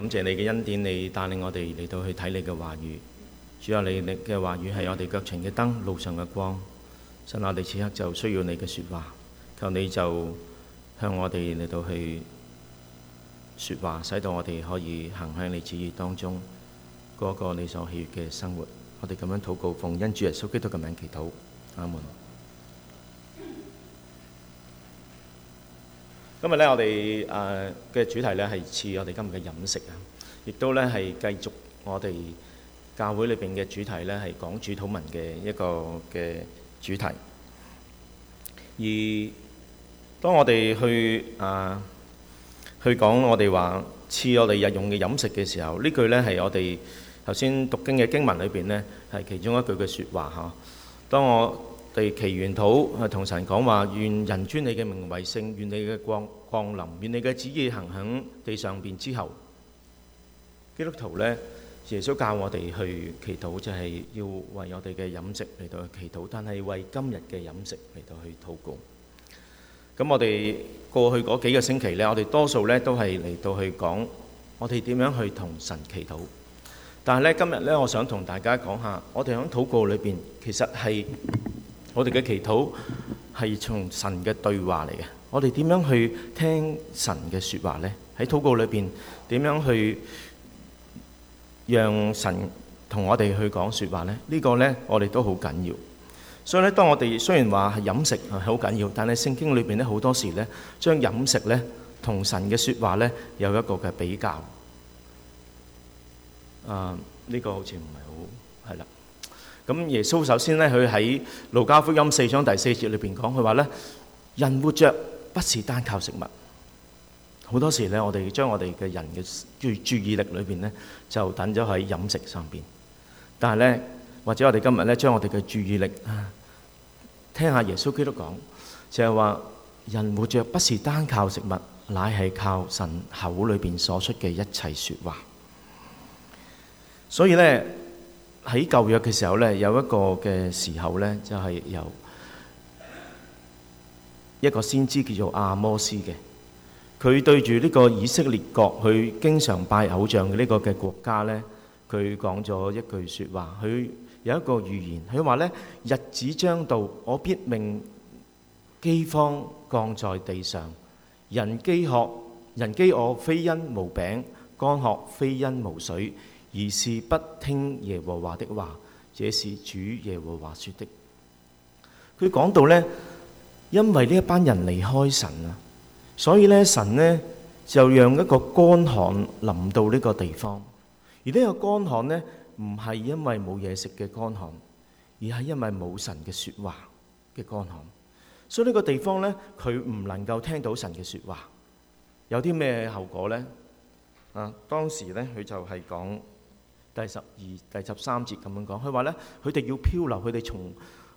感謝你嘅恩典，你帶領我哋嚟到去睇你嘅話語。主啊，你嘅話語係我哋腳前嘅燈，路上嘅光。信我哋此刻就需要你嘅説話，求你就向我哋嚟到去説話，使到我哋可以行向你旨意當中嗰個你所喜悅嘅生活。我哋咁樣禱告，奉恩主耶穌基督嘅名祈禱。阿門。今日咧，我哋誒嘅主題咧係賜我哋今日嘅飲食啊，亦都咧係繼續我哋教會裏邊嘅主題咧係講主禱文嘅一個嘅主題。而當我哋去誒、啊、去講我哋話賜我哋日用嘅飲食嘅時候，呢句咧係我哋頭先讀經嘅經文裏邊咧係其中一句嘅説話嚇。當我嚟祈願禱啊，同神講話，願人尊你嘅名為聖，願你嘅光降臨，願你嘅旨意行喺地上邊。之後，基督徒咧，耶穌教我哋去祈禱，就係要為我哋嘅飲食嚟到去祈禱，但係為今日嘅飲食嚟到去禱告。咁我哋過去嗰幾個星期咧，我哋多數咧都係嚟到去講我哋點樣去同神祈禱，但係咧今日咧，我想同大家講下，我哋喺禱告裏邊其實係。我哋嘅祈禱係從神嘅對話嚟嘅。我哋點樣去聽神嘅說話咧？喺禱告裏邊點樣去讓神同我哋去講說話咧？呢個、呢個咧我哋都好緊要。所以咧，當我哋雖然話係飲食係好緊要，但係聖經裏邊咧好多時咧，將飲食咧同神嘅說話咧有一個嘅比較。啊，呢、呢個好似唔係好係啦。咁耶穌首先咧，佢喺路加福音四章第四節裏邊講，佢話咧：人活着不是單靠食物。好多時咧，我哋將我哋嘅人嘅注注意力裏邊咧，就等咗喺飲食上邊。但係咧，或者我哋今日咧，將我哋嘅注意力啊，聽下耶穌基督講，就係話：人活着不是單靠食物，乃係靠神口裏邊所出嘅一切説話。所以咧。喺舊約嘅時候咧，有一個嘅時候咧，就係有一個先知叫做阿摩斯嘅，佢對住呢個以色列國去經常拜偶像嘅呢個嘅國家咧，佢講咗一句説話，佢有一個預言，佢話咧：日子將到，我必命饑荒降在地上，人饑渴，人饑餓，非因無餅，乾渴非因無水。而是不聽耶和華的話，這是主耶和華說的。佢講到呢，因為呢一班人離開神啊，所以呢神呢就讓一個乾旱臨到呢個地方。而呢個乾旱呢，唔係因為冇嘢食嘅乾旱，而係因為冇神嘅說話嘅乾旱。所以呢個地方呢，佢唔能夠聽到神嘅說話。有啲咩後果呢？啊，當時呢佢就係講。第十二、第十三節咁樣講，佢話咧：佢哋要漂流，佢哋從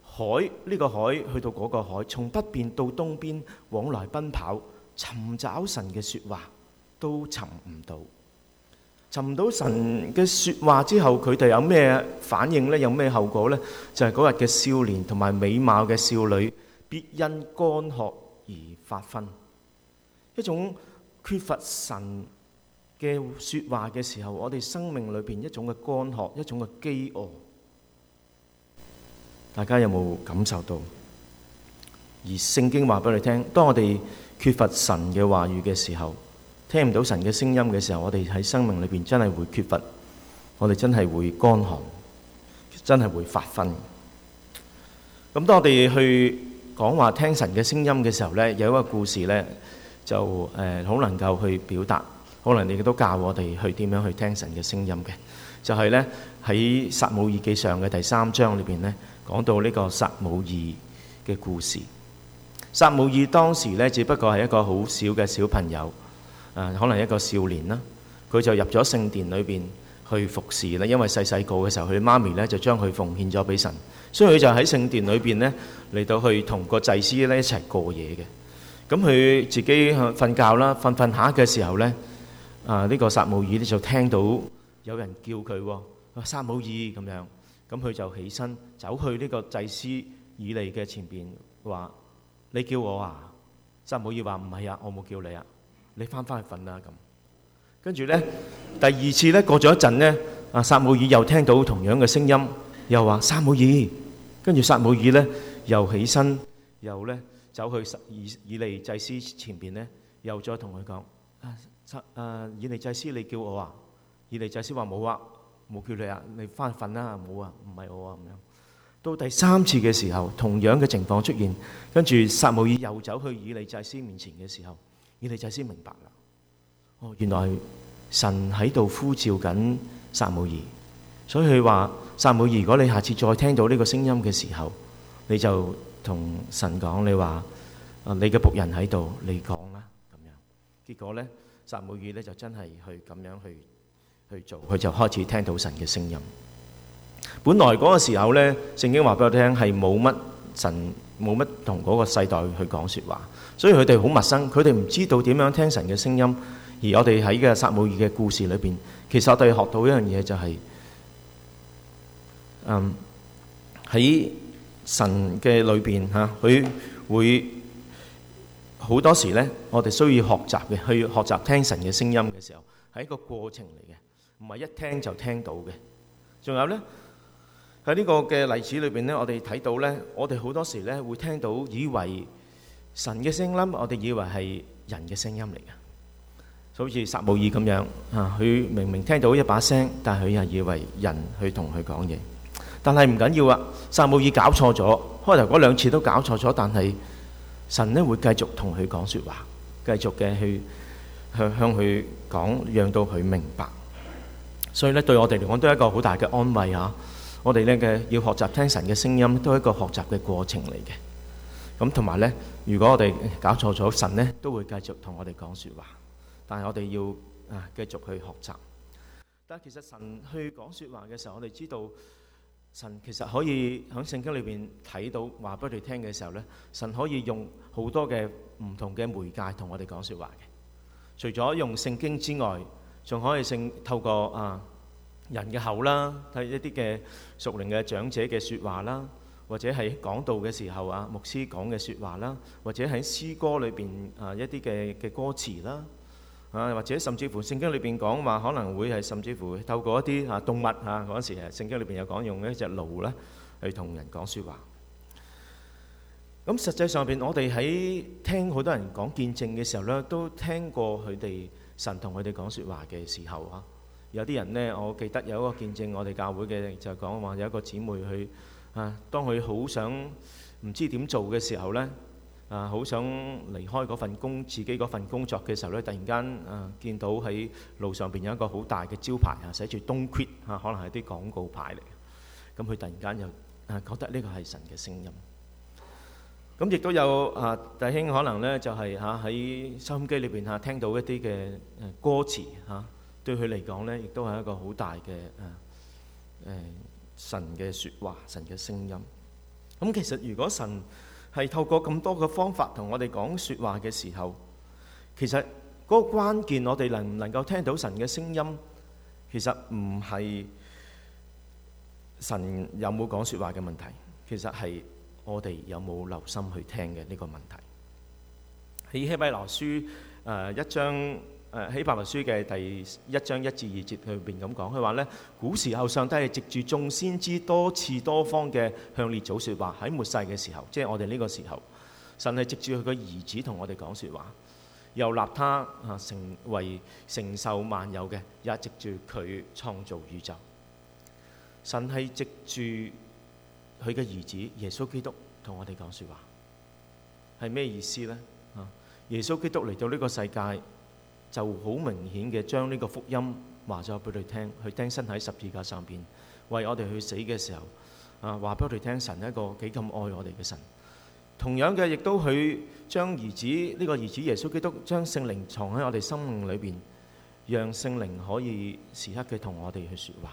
海呢個海去到嗰個海，從北邊到東邊往來奔跑，尋找神嘅説話都尋唔到。尋唔到神嘅説話之後，佢哋有咩反應呢？有咩後果呢？就係嗰日嘅少年同埋美貌嘅少女，必因乾渴而發昏，一種缺乏神。嘅説話嘅時候，我哋生命裏邊一種嘅乾渴，一種嘅飢餓，大家有冇感受到？而聖經話俾你聽，當我哋缺乏神嘅話語嘅時候，聽唔到神嘅聲音嘅時候，我哋喺生命裏邊真係會缺乏，我哋真係會乾旱，真係會發昏。咁當我哋去講話聽神嘅聲音嘅時候呢，有一個故事呢，就誒好能夠去表達。可能你都教我哋去點樣去聽神嘅聲音嘅，就係咧喺撒母耳記上嘅第三章裏邊咧，講到呢個撒母耳嘅故事。撒母耳當時咧，只不過係一個好小嘅小朋友，誒，可能一個少年啦。佢就入咗聖殿裏邊去服侍啦，因為細細個嘅時候，佢媽咪咧就將佢奉獻咗俾神，所以佢就喺聖殿裏邊咧嚟到去同個祭司咧一齊過夜嘅。咁佢自己瞓覺啦，瞓瞓下嘅時候咧。啊！呢個撒母耳咧就聽到有人叫佢喎，啊撒母耳咁樣，咁佢就起身走去呢個祭司以利嘅前邊，話你叫我啊？撒母耳話唔係啊，我冇叫你啊，你返返去瞓啦咁。跟住咧，第二次咧過咗一陣咧，啊撒母耳又聽到同樣嘅聲音，又話撒母耳。跟住撒母耳咧又起身，又咧走去撒以以利祭司前邊咧，又再同佢講。誒、啊，以利祭司，你叫我啊？以利祭司話冇啊，冇叫你啊，你翻瞓啦，冇啊，唔係我啊，咁樣、啊。到第三次嘅時候，同樣嘅情況出現，跟住撒母耳又走去以利祭司面前嘅時候，以利祭司明白啦。哦，原來神喺度呼召緊撒母耳，所以佢話撒母耳，如果你下次再聽到呢個聲音嘅時候，你就同神講，你話啊、呃，你嘅僕人喺度，你講啦，咁樣。結果咧。撒母耳咧就真係去咁樣去去做，佢就開始聽到神嘅聲音。本來嗰個時候咧，聖經話俾我聽係冇乜神，冇乜同嗰個世代去講說話，所以佢哋好陌生，佢哋唔知道點樣聽神嘅聲音。而我哋喺嘅撒母耳嘅故事裏邊，其實我哋學到一樣嘢就係、是，嗯，喺神嘅裏邊吓，佢會。好多時呢，我哋需要學習嘅，去學習聽神嘅聲音嘅時候，係一個過程嚟嘅，唔係一聽就聽到嘅。仲有呢，喺呢個嘅例子裏邊呢，我哋睇到呢，我哋好多時呢會聽到以為神嘅聲音，我哋以為係人嘅聲音嚟嘅。所以好似撒母耳咁樣，啊，佢明明聽到一把聲，但係佢又以為人去同佢講嘢。但係唔緊要啊，撒母耳搞錯咗，開頭嗰兩次都搞錯咗，但係。神咧會繼續同佢講說話，繼續嘅去向向佢講，讓到佢明白。所以咧，對我哋嚟講都係一個好大嘅安慰吓，啊。我哋咧嘅要學習聽神嘅聲音，都係一個學習嘅過程嚟嘅。咁同埋咧，如果我哋搞錯咗，神咧都會繼續同我哋講說話。但係我哋要啊繼續去學習。但係其實神去講說話嘅時候，我哋知道。神其實可以喺聖經裏邊睇到話，畀你聽嘅時候呢，神可以用好多嘅唔同嘅媒介同我哋講説話嘅。除咗用聖經之外，仲可以聖透過啊人嘅口啦，睇一啲嘅熟齡嘅長者嘅説話啦，或者喺講道嘅時候啊牧師講嘅説話啦，或者喺詩歌裏邊啊一啲嘅嘅歌詞啦。啊，或者甚至乎聖經裏邊講話可能會係甚至乎透過一啲啊動物啊嗰陣時，係聖經裏邊有講用一隻驢咧，去同人講說話。咁實際上邊，我哋喺聽好多人講見證嘅時候咧，都聽過佢哋神同佢哋講說話嘅時候啊。有啲人咧，我記得有一個見證，我哋教會嘅就講話有一個姊妹去啊，當佢好想唔知點做嘅時候咧。啊，好想離開嗰份工，自己嗰份工作嘅時候咧，突然間啊，見到喺路上邊有一個好大嘅招牌啊，寫住 “Don't quit” 啊，可能係啲廣告牌嚟。咁佢突然間又啊，覺得呢個係神嘅聲音。咁亦都有啊，弟兄可能咧就係嚇喺收音機裏邊嚇聽到一啲嘅誒歌詞嚇，對佢嚟講咧亦都係一個好大嘅誒誒神嘅説話，神嘅聲音。咁其實如果神，係透過咁多嘅方法同我哋講説話嘅時候，其實嗰個關鍵，我哋能唔能夠聽到神嘅聲音，其實唔係神有冇講説話嘅問題，其實係我哋有冇留心去聽嘅呢個問題。喺希伯來書誒一章。誒喺《希伯來、啊、書》嘅第一章一至二節，佢入邊咁講，佢話咧：古時候上帝係藉住眾先知多次多方嘅向列祖説話，喺末世嘅時候，即係我哋呢個時候，神係藉住佢嘅兒子同我哋講説話，又立他啊成為承受萬有嘅，也藉住佢創造宇宙。神係藉住佢嘅兒子耶穌基督同我哋講説話，係咩意思咧？啊，耶穌基督嚟到呢個世界。就好明顯嘅將呢個福音話咗俾佢聽，去釘身喺十字架上邊為我哋去死嘅時候啊，話俾我哋聽神一個幾咁愛我哋嘅神。同樣嘅，亦都佢將兒子呢、呢個兒子耶穌基督將聖靈藏喺我哋心裏邊，讓聖靈可以時刻嘅同我哋去説話。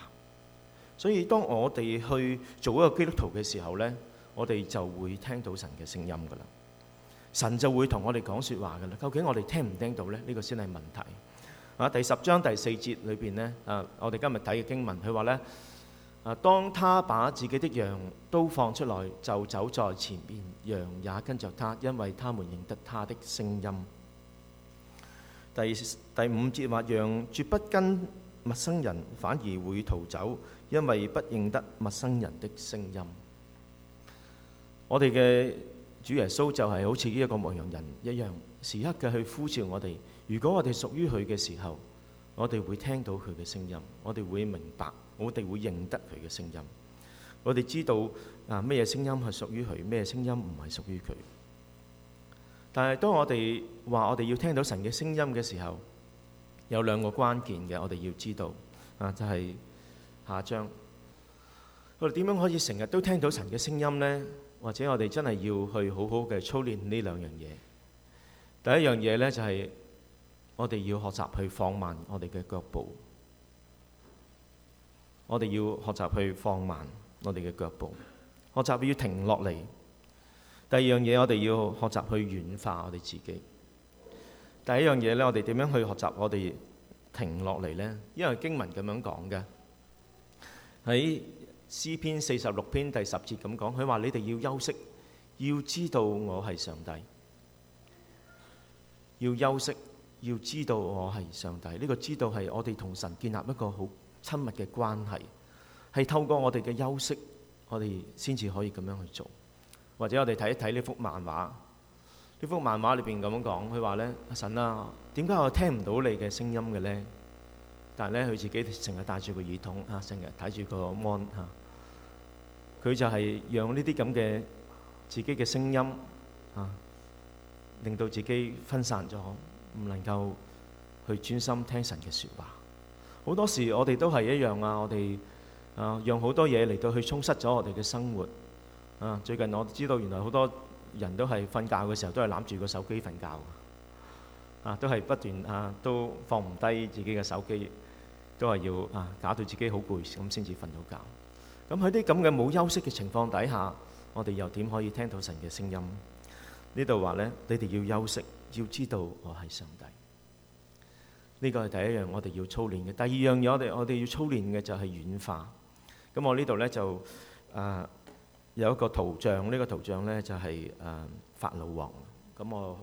所以當我哋去做一個基督徒嘅時候呢，我哋就會聽到神嘅聲音噶啦。神就會同我哋講說話嘅啦。究竟我哋聽唔聽到呢？呢個先係問題。啊，第十章第四節裏邊呢，啊，我哋今日睇嘅經文，佢話呢，啊，當他把自己的羊都放出來，就走在前面，羊也跟着他，因為他們認得他的聲音。第第五節話，羊絕不跟陌生人，反而會逃走，因為不認得陌生人的聲音。我哋嘅。主耶穌就係好似一個牧羊人一樣，時刻嘅去呼召我哋。如果我哋屬於佢嘅時候，我哋會聽到佢嘅聲音，我哋會明白，我哋會認得佢嘅聲音。我哋知道啊，咩嘢聲音係屬於佢，咩嘢聲音唔係屬於佢。但係當我哋話我哋要聽到神嘅聲音嘅時候，有兩個關鍵嘅，我哋要知道啊，就係下一章。我哋點樣可以成日都聽到神嘅聲音呢？」或者我哋真係要去好好嘅操練呢兩樣嘢。第一樣嘢咧，就係我哋要學習去放慢我哋嘅腳步。我哋要學習去放慢我哋嘅腳步，學習要停落嚟。第二樣嘢，我哋要學習去軟化我哋自己。第一樣嘢咧，我哋點樣去學習我哋停落嚟咧？因為經文咁樣講嘅喺。詩篇四十六篇第十節咁講，佢話：你哋要休息，要知道我係上帝；要休息，要知道我係上帝。呢個知道係我哋同神建立一個好親密嘅關係，係透過我哋嘅休息，我哋先至可以咁樣去做。或者我哋睇一睇呢幅漫畫，呢幅漫畫裏邊咁樣講，佢話咧：阿神啊，點解我聽唔到你嘅聲音嘅咧？但係咧，佢自己成日戴住個耳筒，啊，成日睇住個 mon，嚇，佢、啊、就係讓呢啲咁嘅自己嘅聲音，嚇、啊，令到自己分散咗，唔能夠去專心聽神嘅説話。好多時我哋都係一樣啊，我哋啊，讓好多嘢嚟到去充塞咗我哋嘅生活。啊，最近我知道原來好多人都係瞓覺嘅時候都係攬住個手機瞓覺，啊，都係不斷啊，都放唔低自己嘅手機。都係要啊，搞到自己好攰咁，先至瞓到覺。咁喺啲咁嘅冇休息嘅情況底下，我哋又點可以聽到神嘅聲音？呢度話咧，你哋要休息，要知道我係上帝。呢個係第一樣我哋要操練嘅。第二樣嘢，我哋我哋要操練嘅就係軟化。咁我呢度咧就誒，有一個圖像，呢個圖像咧就係誒法老王。咁我好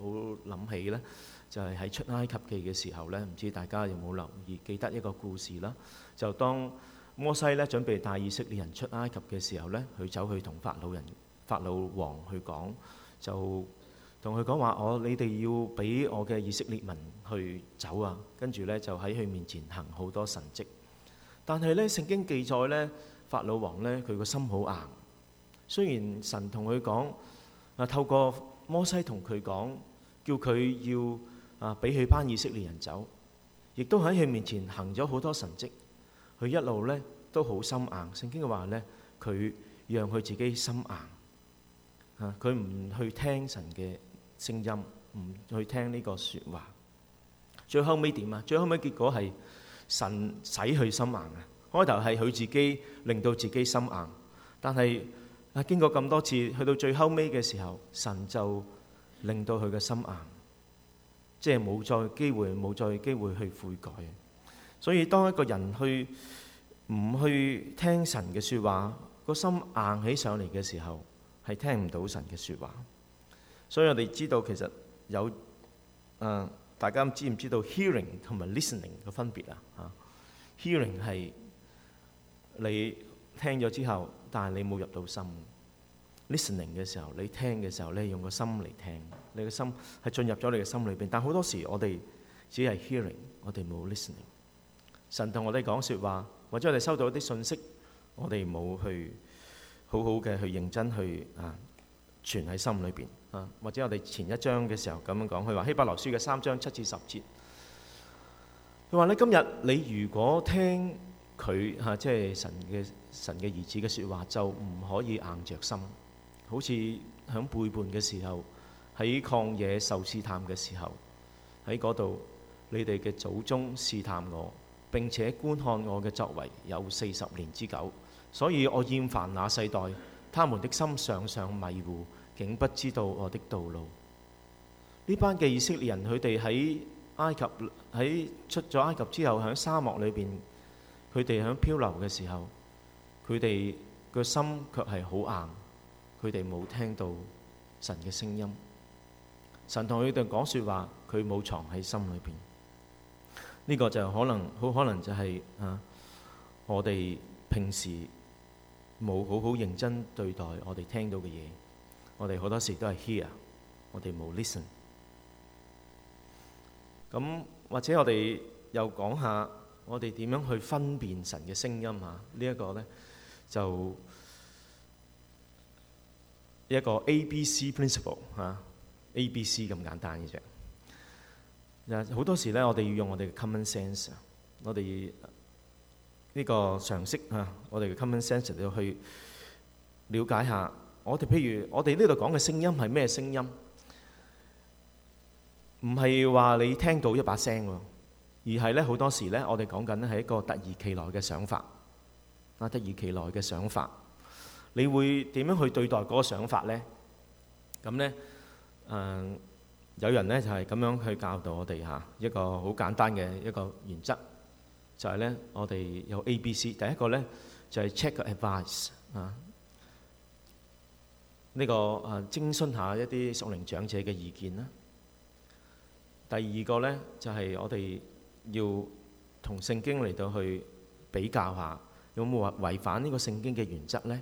諗起咧，就係喺出埃及記嘅時候咧，唔知大家有冇留意記得一個故事啦。就當摩西咧準備帶以色列人出埃及嘅時候咧，佢走去同法老人法老王去講，就同佢講話：我你哋要俾我嘅以色列民去走啊。跟住咧就喺佢面前行好多神蹟，但係咧聖經記載咧，法老王咧佢個心好硬。雖然神同佢講啊，透過摩西同佢講，叫佢要啊俾佢班以色列人走，亦都喺佢面前行咗好多神蹟，佢一路咧都好心硬。聖經嘅話咧，佢讓佢自己心硬，吓佢唔去聽神嘅聲音，唔去聽呢個說話。最後尾點啊？最後尾結果係神使佢心硬啊！開頭係佢自己令到自己心硬，但係。啊！經過咁多次，去到最後尾嘅時候，神就令到佢嘅心硬，即係冇再機會，冇再機會去悔改。所以當一個人去唔去聽神嘅說話，個心硬起上嚟嘅時候，係聽唔到神嘅說話。所以我哋知道，其實有誒、呃，大家知唔知道 hearing 同埋 listening 嘅分別啊？吓，hearing 係你聽咗之後。但係你冇入到心，listening 嘅時候，你聽嘅時候，你係用個心嚟聽，你嘅心係進入咗你嘅心裏邊。但係好多時我哋只係 hearing，我哋冇 listening。神同我哋講說話，或者我哋收到一啲信息，我哋冇去好好嘅去認真去啊存喺心裏邊啊。或者我哋前一章嘅時候咁樣講，佢話希伯來書嘅三章七至十節，佢話你今日你如果聽。佢啊，即係神嘅神嘅兒子嘅說話，就唔可以硬着心。好似響背叛嘅時候，喺曠野受試探嘅時候，喺嗰度，你哋嘅祖宗試探我，並且觀看我嘅作為有四十年之久，所以我厭煩那世代，他們的心常常迷糊，竟不知道我的道路。呢班嘅以色列人，佢哋喺埃及，喺出咗埃及之後響沙漠裏邊。佢哋喺漂流嘅時候，佢哋個心卻係好硬，佢哋冇聽到神嘅聲音，神同佢哋講說話，佢冇藏喺心裏邊。呢個就可能好可能就係啊，我哋平時冇好好認真對待我哋聽到嘅嘢，我哋好多時都係 hear，我哋冇 listen。咁或者我哋又講下。我哋點樣去分辨神嘅聲音嚇？呢一個咧就一個 ABC principle 嚇，ABC 咁簡單嘅啫。好多時咧，我哋要用我哋嘅 common sense，我哋呢個常識嚇，我哋嘅 common sense 要去了解下。我哋譬如我哋呢度講嘅聲音係咩聲音？唔係話你聽到一把聲喎。而係呢好多時呢，我哋講緊係一個突如其來嘅想法。突如其來嘅想法，你會點樣去對待嗰個想法呢？咁呢，有人呢就係咁樣去教導我哋吓，一個好簡單嘅一個原則,就係呢,我哋有 ABC, 第一個呢就係 check advice。呢個徵詢下一啲熟齡長者嘅意見啦。第二個呢就係我哋要同聖經嚟到去比較下，有冇違違反呢個聖經嘅原則呢？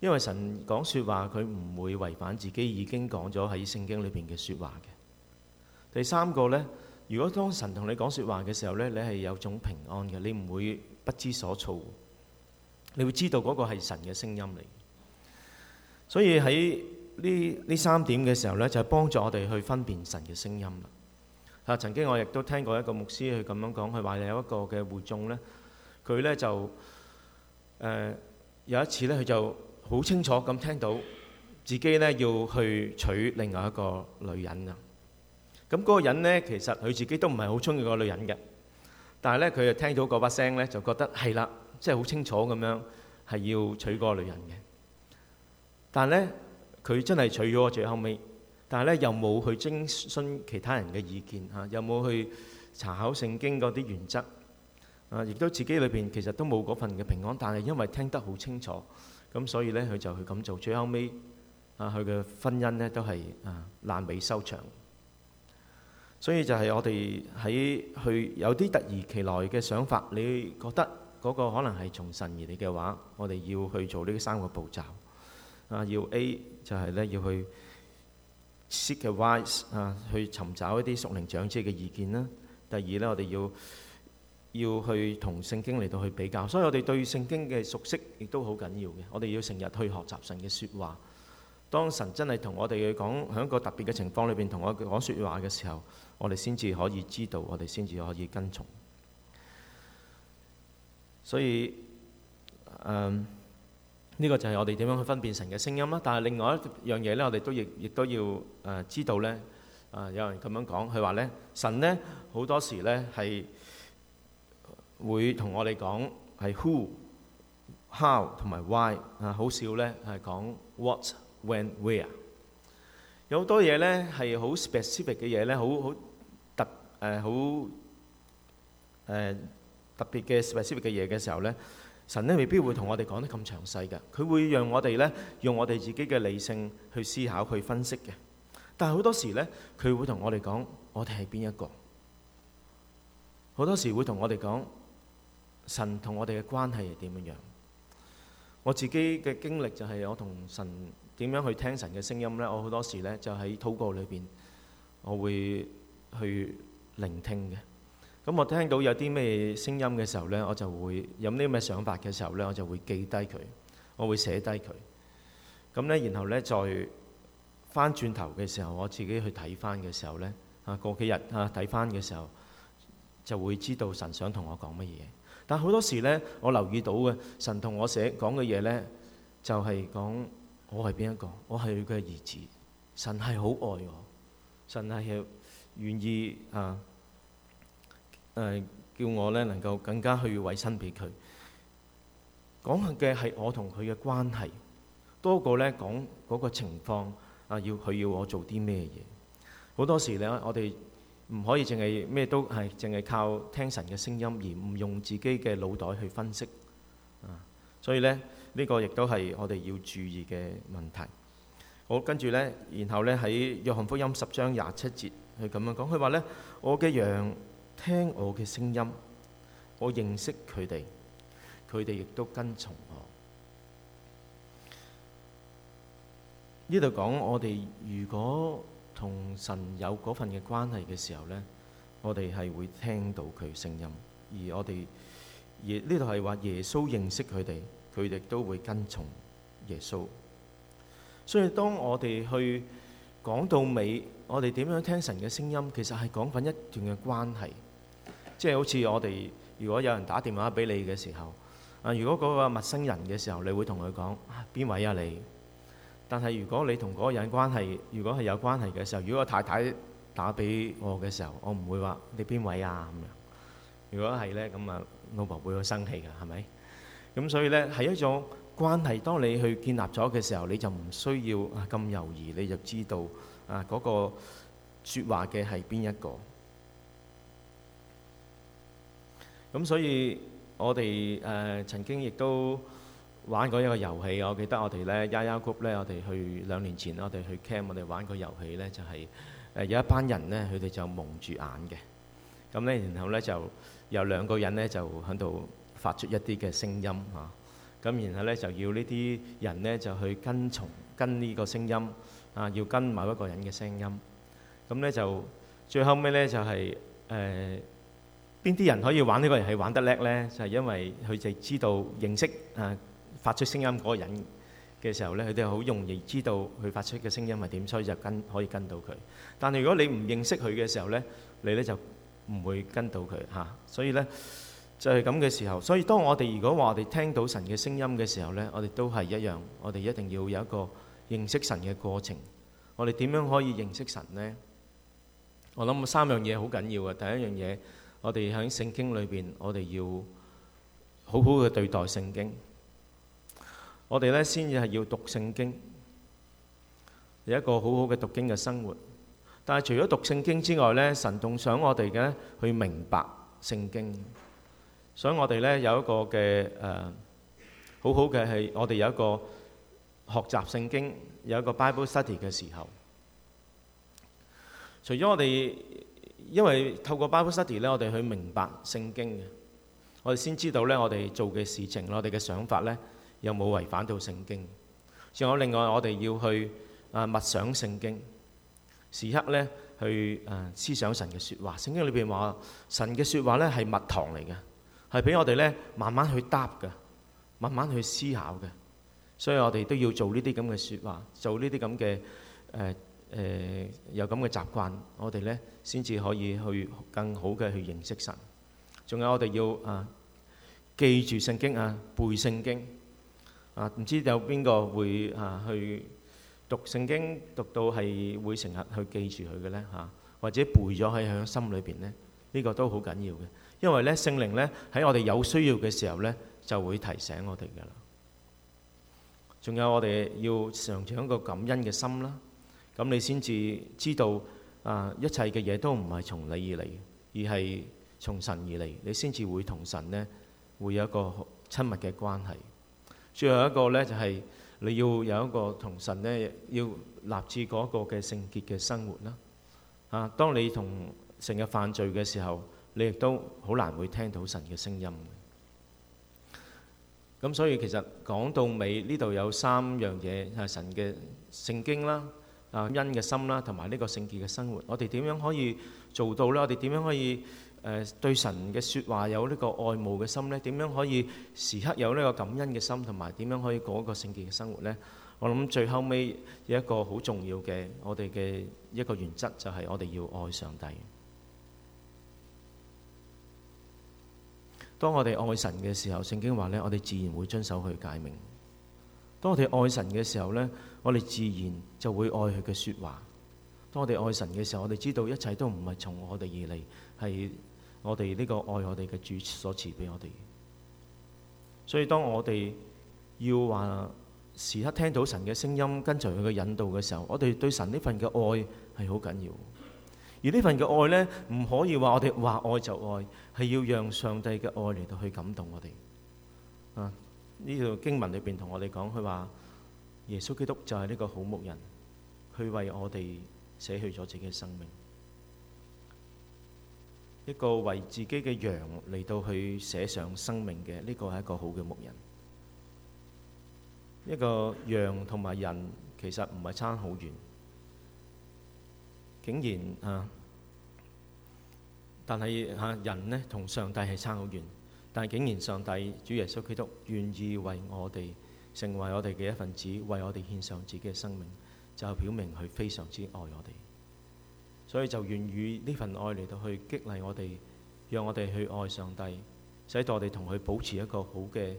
因為神講説話，佢唔會違反自己已經講咗喺聖經裏邊嘅説話嘅。第三個呢，如果當神同你講説話嘅時候呢，你係有種平安嘅，你唔會不知所措，你會知道嗰個係神嘅聲音嚟。所以喺呢呢三點嘅時候呢，就係幫助我哋去分辨神嘅聲音啦。啊，曾經我亦都聽過一個牧師佢咁樣講，佢話有一個嘅會眾呢，佢就但係咧，又冇去徵詢其他人嘅意見嚇，又冇去查考聖經嗰啲原則啊，亦都自己裏邊其實都冇嗰份嘅平安，但係因為聽得好清楚，咁所以咧佢就去咁做，最後尾啊佢嘅婚姻咧都係啊爛尾收場。所以就係我哋喺去有啲突如其來嘅想法，你覺得嗰個可能係從神而嚟嘅話，我哋要去做呢三個步驟啊，要 A 就係咧要去。seek advice 啊、uh，去尋找一啲熟齡長者嘅意見啦。第二咧，我哋要要去同聖經嚟到去比較，所以我哋對聖經嘅熟悉亦都好緊要嘅。我哋要成日去學習神嘅説話。當神真係同我哋去講喺一個特別嘅情況裏邊同我講説話嘅時候，我哋先至可以知道，我哋先至可以跟從。所以，嗯、um。呢個就係我哋點樣去分辨神嘅聲音啦。但係另外一樣嘢咧，我哋都亦亦都要誒知道咧。啊，有人咁樣講，佢話咧，神咧好多時咧係會同我哋講係 who、how 同埋 why 啊，好少咧係講 what、when、where。有好多嘢咧係好 specific 嘅嘢咧，好好特誒好誒特別嘅 specific 嘅嘢嘅時候咧。神咧未必會同我哋講得咁詳細嘅，佢會讓我哋咧用我哋自己嘅理性去思考、去分析嘅。但係好多時咧，佢會同我哋講我哋係邊一個。好多時會同我哋講神同我哋嘅關係係點樣樣。我自己嘅經歷就係我同神點樣去聽神嘅聲音咧，我好多時咧就喺禱告裏邊我會去聆聽嘅。咁我聽到有啲咩聲音嘅時候呢，我就會有呢啲咩想法嘅時候呢，我就會記低佢，我會寫低佢。咁呢，然後呢再翻轉頭嘅時候，我自己去睇翻嘅時候呢，啊，過幾日啊，睇翻嘅時候就會知道神想同我講乜嘢。但係好多時呢，我留意到嘅神同我寫講嘅嘢呢，就係講我係邊一個，我係佢嘅兒子。神係好愛我，神係願意啊。誒，叫我咧，能夠更加去委身俾佢，講嘅係我同佢嘅關係，多過咧，講嗰個情況啊，要佢要我做啲咩嘢？好多時咧，我哋唔可以淨係咩都係淨係靠聽神嘅聲音，而唔用自己嘅腦袋去分析啊。所以咧，呢個亦都係我哋要注意嘅問題。好，跟住咧，然後咧，喺約翰福音十章廿七節係咁樣講，佢話咧，我嘅羊，聽我嘅聲音，我認識佢哋，佢哋亦都跟從我。呢度講我哋如果同神有嗰份嘅關係嘅時候咧，我哋係會聽到佢聲音，而我哋，而呢度係話耶穌認識佢哋，佢哋都會跟從耶穌。所以當我哋去講到尾，我哋點樣聽神嘅聲音，其實係講緊一段嘅關係。即係好似我哋，如果有人打電話俾你嘅時候，啊，如果嗰個陌生人嘅時候，你會同佢講邊位啊你？但係如果你同嗰個人關係，如果係有關係嘅時候，如果太太打俾我嘅時候，我唔會話你邊位啊咁樣、嗯。如果係呢，咁啊老婆會好生氣㗎，係咪？咁所以呢，係一種關係，當你去建立咗嘅時候，你就唔需要咁猶豫，你就知道啊嗰、嗰個説話嘅係邊一個。咁所以我哋誒、呃、曾經亦都玩過一個遊戲，我記得我哋咧 YaYa Group 咧，我哋去兩年前，我哋去 camp，我哋玩個遊戲咧就係、是、誒有一班人咧，佢哋就蒙住眼嘅，咁咧然後咧就有兩個人咧就喺度發出一啲嘅聲音啊，咁然後咧就要呢啲人咧就去跟從跟呢個聲音啊，要跟某一個人嘅聲音，咁咧就最後尾咧就係、是、誒。呃邊啲人可以玩呢個係玩得叻呢？就係因為佢哋知道認識啊，發出聲音嗰個人嘅時候呢，佢哋好容易知道佢發出嘅聲音係點，所以就跟可以跟到佢。但係如果你唔認識佢嘅時候呢，你呢就唔會跟到佢嚇。所以呢就係咁嘅時候。所以當我哋如果話我哋聽到神嘅聲音嘅時候呢，我哋都係一樣，我哋一定要有一個認識神嘅過程。我哋點樣可以認識神呢？我諗三樣嘢好緊要嘅。第一樣嘢。我哋喺聖經裏邊，我哋要好好嘅對待聖經。我哋咧先至係要讀聖經，有一個好好嘅讀經嘅生活。但係除咗讀聖經之外咧，神仲想我哋咧去明白聖經。所以我哋咧有一個嘅誒，呃、好好嘅係我哋有一個學習聖經，有一個 Bible Study 嘅時候。除咗我哋。因為透過 Bible study 咧，我哋去明白聖經嘅，我哋先知道咧，我哋做嘅事情，我哋嘅想法咧，有冇違反到聖經？仲有另外，我哋要去啊默想聖經，時刻咧去啊思想神嘅說話。聖經裏邊話神嘅說話咧係蜜糖嚟嘅，係俾我哋咧慢慢去答嘅，慢慢去思考嘅。所以我哋都要做呢啲咁嘅說話，做呢啲咁嘅誒。呃誒，有咁嘅習慣，我哋咧先至可以去更好嘅去認識神。仲有我哋要啊，記住聖經啊，背聖經啊，唔知有邊個會啊去讀聖經，讀到係會成日去記住佢嘅咧吓，或者背咗喺響心裏邊咧，呢個都好緊要嘅。因為咧，聖靈咧喺我哋有需要嘅時候咧，就會提醒我哋噶啦。仲有我哋要常常一個感恩嘅心啦。咁你先至知道啊，一切嘅嘢都唔係從你而嚟，而係從神而嚟。你先至會同神呢，會有一個親密嘅關係。最後一個呢就係你要有一個同神，呢要立志嗰個嘅聖潔嘅生活啦。啊，當你同成日犯罪嘅時候，你亦都好難會聽到神嘅聲音。咁所以其實講到尾，呢度有三樣嘢係神嘅聖經啦。啊，恩嘅心啦，同埋呢個聖潔嘅生活，我哋點樣可以做到呢？我哋點樣可以誒、呃、對神嘅説話有呢個愛慕嘅心呢？點樣可以時刻有呢個感恩嘅心，同埋點樣可以過一個聖潔嘅生活呢？我諗最後尾有一個好重要嘅，我哋嘅一個原則就係我哋要愛上帝。當我哋愛神嘅時候，聖經話呢，我哋自然會遵守佢誡命。當我哋愛神嘅時候呢，我哋自然就會愛佢嘅說話。當我哋愛神嘅時候，我哋知道一切都唔係從我哋而嚟，係我哋呢個愛我哋嘅主所賜俾我哋。所以當我哋要話時刻聽到神嘅聲音，跟隨佢嘅引導嘅時候，我哋對神呢份嘅愛係好緊要。而呢份嘅愛呢，唔可以話我哋話愛就愛，係要讓上帝嘅愛嚟到去感動我哋。啊！呢度經文裏邊同我哋講，佢話耶穌基督就係呢個好牧人，佢為我哋捨去咗自己嘅生命，一個為自己嘅羊嚟到去捨上生命嘅，呢個係一個好嘅牧人。一個羊同埋人其實唔係差好遠，竟然啊，但係啊人呢同上帝係差好遠。但竟然上帝、主耶穌基督願意為我哋成為我哋嘅一份子，為我哋獻上自己嘅生命，就表明佢非常之愛我哋。所以就願與呢份愛嚟到去激勵我哋，讓我哋去愛上帝，使到我哋同佢保持一個好嘅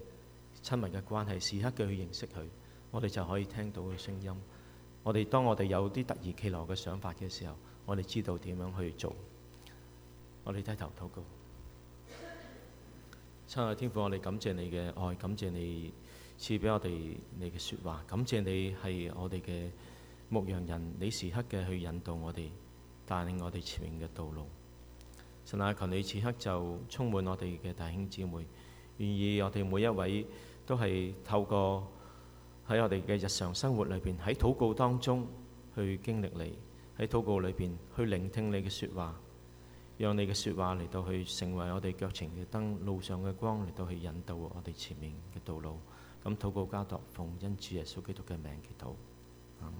親密嘅關係，時刻嘅去認識佢。我哋就可以聽到佢嘅聲音。我哋當我哋有啲突如其來嘅想法嘅時候，我哋知道點樣去做。我哋低頭禱告。親愛天父，我哋感謝你嘅愛，感謝你賜俾我哋你嘅說話，感謝你係我哋嘅牧羊人，你時刻嘅去引導我哋，帶領我哋前面嘅道路。神阿，求你此刻就充滿我哋嘅弟兄姊妹，願意我哋每一位都係透過喺我哋嘅日常生活裏邊，喺禱告當中去經歷你，喺禱告裏邊去聆聽你嘅說話。讓你嘅説話嚟到去成為我哋腳前嘅燈，路上嘅光嚟到去引導我哋前面嘅道路。咁、嗯，禱告交託奉恩主耶穌基督嘅名祈禱，阿